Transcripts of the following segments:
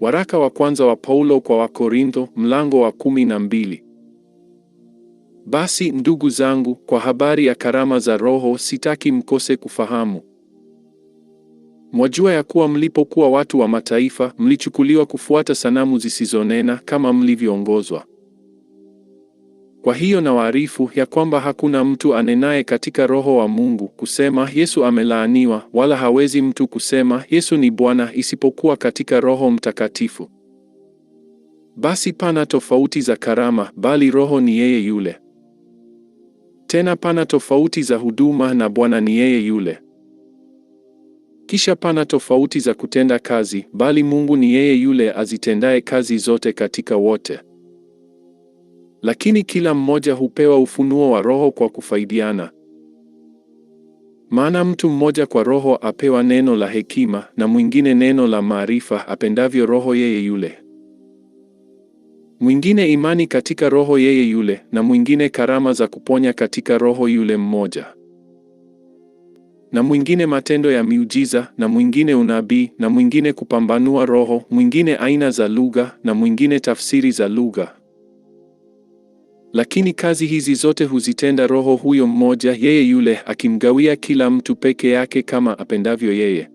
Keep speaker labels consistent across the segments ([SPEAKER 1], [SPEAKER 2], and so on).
[SPEAKER 1] Waraka wa kwanza wa Paulo kwa Wakorintho mlango wa kumi na mbili. Basi ndugu zangu, kwa habari ya karama za Roho sitaki mkose kufahamu. Mwajua ya kuwa mlipokuwa watu wa mataifa, mlichukuliwa kufuata sanamu zisizonena kama mlivyoongozwa. Kwa hiyo nawaarifu ya kwamba hakuna mtu anenaye katika Roho wa Mungu kusema Yesu amelaaniwa, wala hawezi mtu kusema Yesu ni Bwana isipokuwa katika Roho Mtakatifu. Basi pana tofauti za karama, bali Roho ni yeye yule. Tena pana tofauti za huduma, na Bwana ni yeye yule. Kisha pana tofauti za kutenda kazi, bali Mungu ni yeye yule azitendaye kazi zote katika wote lakini kila mmoja hupewa ufunuo wa Roho kwa kufaidiana. Maana mtu mmoja kwa Roho apewa neno la hekima, na mwingine neno la maarifa, apendavyo Roho yeye yule; mwingine imani katika Roho yeye yule, na mwingine karama za kuponya katika Roho yule mmoja, na mwingine matendo ya miujiza, na mwingine unabii, na mwingine kupambanua roho, mwingine aina za lugha, na mwingine tafsiri za lugha. Lakini kazi hizi zote huzitenda Roho huyo mmoja, yeye yule, akimgawia kila mtu peke yake kama apendavyo yeye.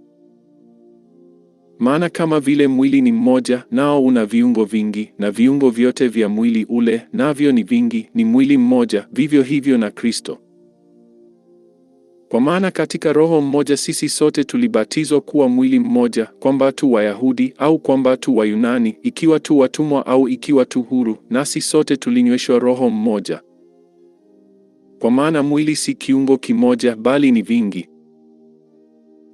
[SPEAKER 1] Maana kama vile mwili ni mmoja, nao una viungo vingi, na viungo vyote vya mwili ule, navyo ni vingi, ni mwili mmoja, vivyo hivyo na Kristo. Kwa maana katika roho mmoja sisi sote tulibatizwa kuwa mwili mmoja, kwamba tu Wayahudi au kwamba tu Wayunani, ikiwa tu watumwa au ikiwa tu huru, nasi sote tulinyweshwa roho mmoja. Kwa maana mwili si kiungo kimoja, bali ni vingi.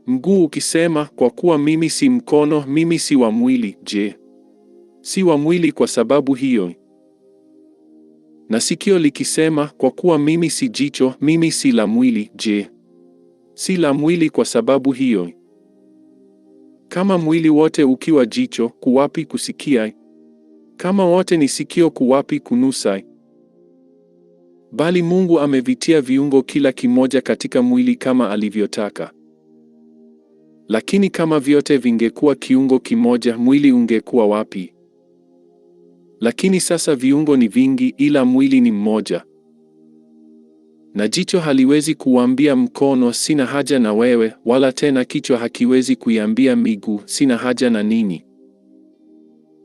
[SPEAKER 1] Mguu ukisema kwa kuwa mimi si mkono, mimi si wa mwili, je, si wa mwili kwa sababu hiyo? Na sikio likisema kwa kuwa mimi si jicho, mimi si la mwili, je si la mwili kwa sababu hiyo. Kama mwili wote ukiwa jicho, kuwapi kusikia? Kama wote ni sikio, kuwapi kunusa? Bali Mungu amevitia viungo kila kimoja katika mwili kama alivyotaka. Lakini kama vyote vingekuwa kiungo kimoja, mwili ungekuwa wapi? Lakini sasa viungo ni vingi, ila mwili ni mmoja na jicho haliwezi kuambia mkono, sina haja na wewe, wala tena kichwa hakiwezi kuiambia miguu, sina haja na nini.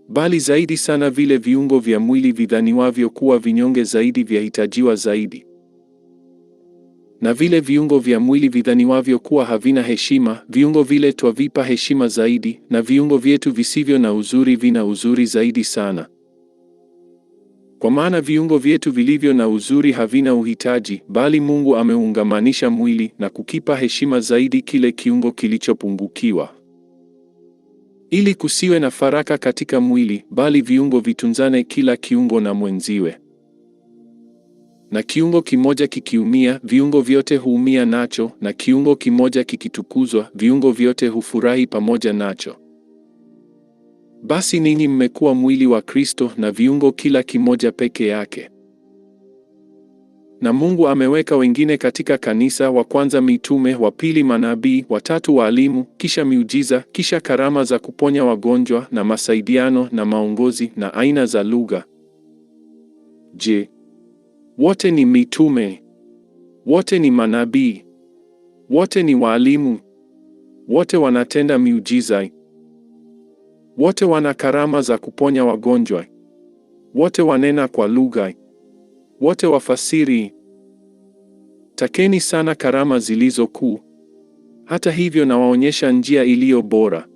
[SPEAKER 1] Bali zaidi sana vile viungo vya mwili vidhaniwavyo kuwa vinyonge zaidi vyahitajiwa zaidi, na vile viungo vya mwili vidhaniwavyo kuwa havina heshima, viungo vile twavipa heshima zaidi, na viungo vyetu visivyo na uzuri vina uzuri zaidi sana. Kwa maana viungo vyetu vilivyo na uzuri havina uhitaji, bali Mungu ameungamanisha mwili na kukipa heshima zaidi kile kiungo kilichopungukiwa, ili kusiwe na faraka katika mwili, bali viungo vitunzane kila kiungo na mwenziwe. Na kiungo kimoja kikiumia, viungo vyote huumia nacho, na kiungo kimoja kikitukuzwa, viungo vyote hufurahi pamoja nacho. Basi ninyi mmekuwa mwili wa Kristo na viungo kila kimoja peke yake. Na Mungu ameweka wengine katika kanisa, wa kwanza mitume, wa pili manabii, wa tatu waalimu, kisha miujiza, kisha karama za kuponya wagonjwa na masaidiano na maongozi na aina za lugha. Je, wote ni mitume? Wote ni manabii? Wote ni waalimu? Wote wanatenda miujiza? Wote wana karama za kuponya wagonjwa. Wote wanena kwa lugha. Wote wafasiri. Takeni sana karama zilizo kuu. Hata hivyo nawaonyesha njia iliyo bora.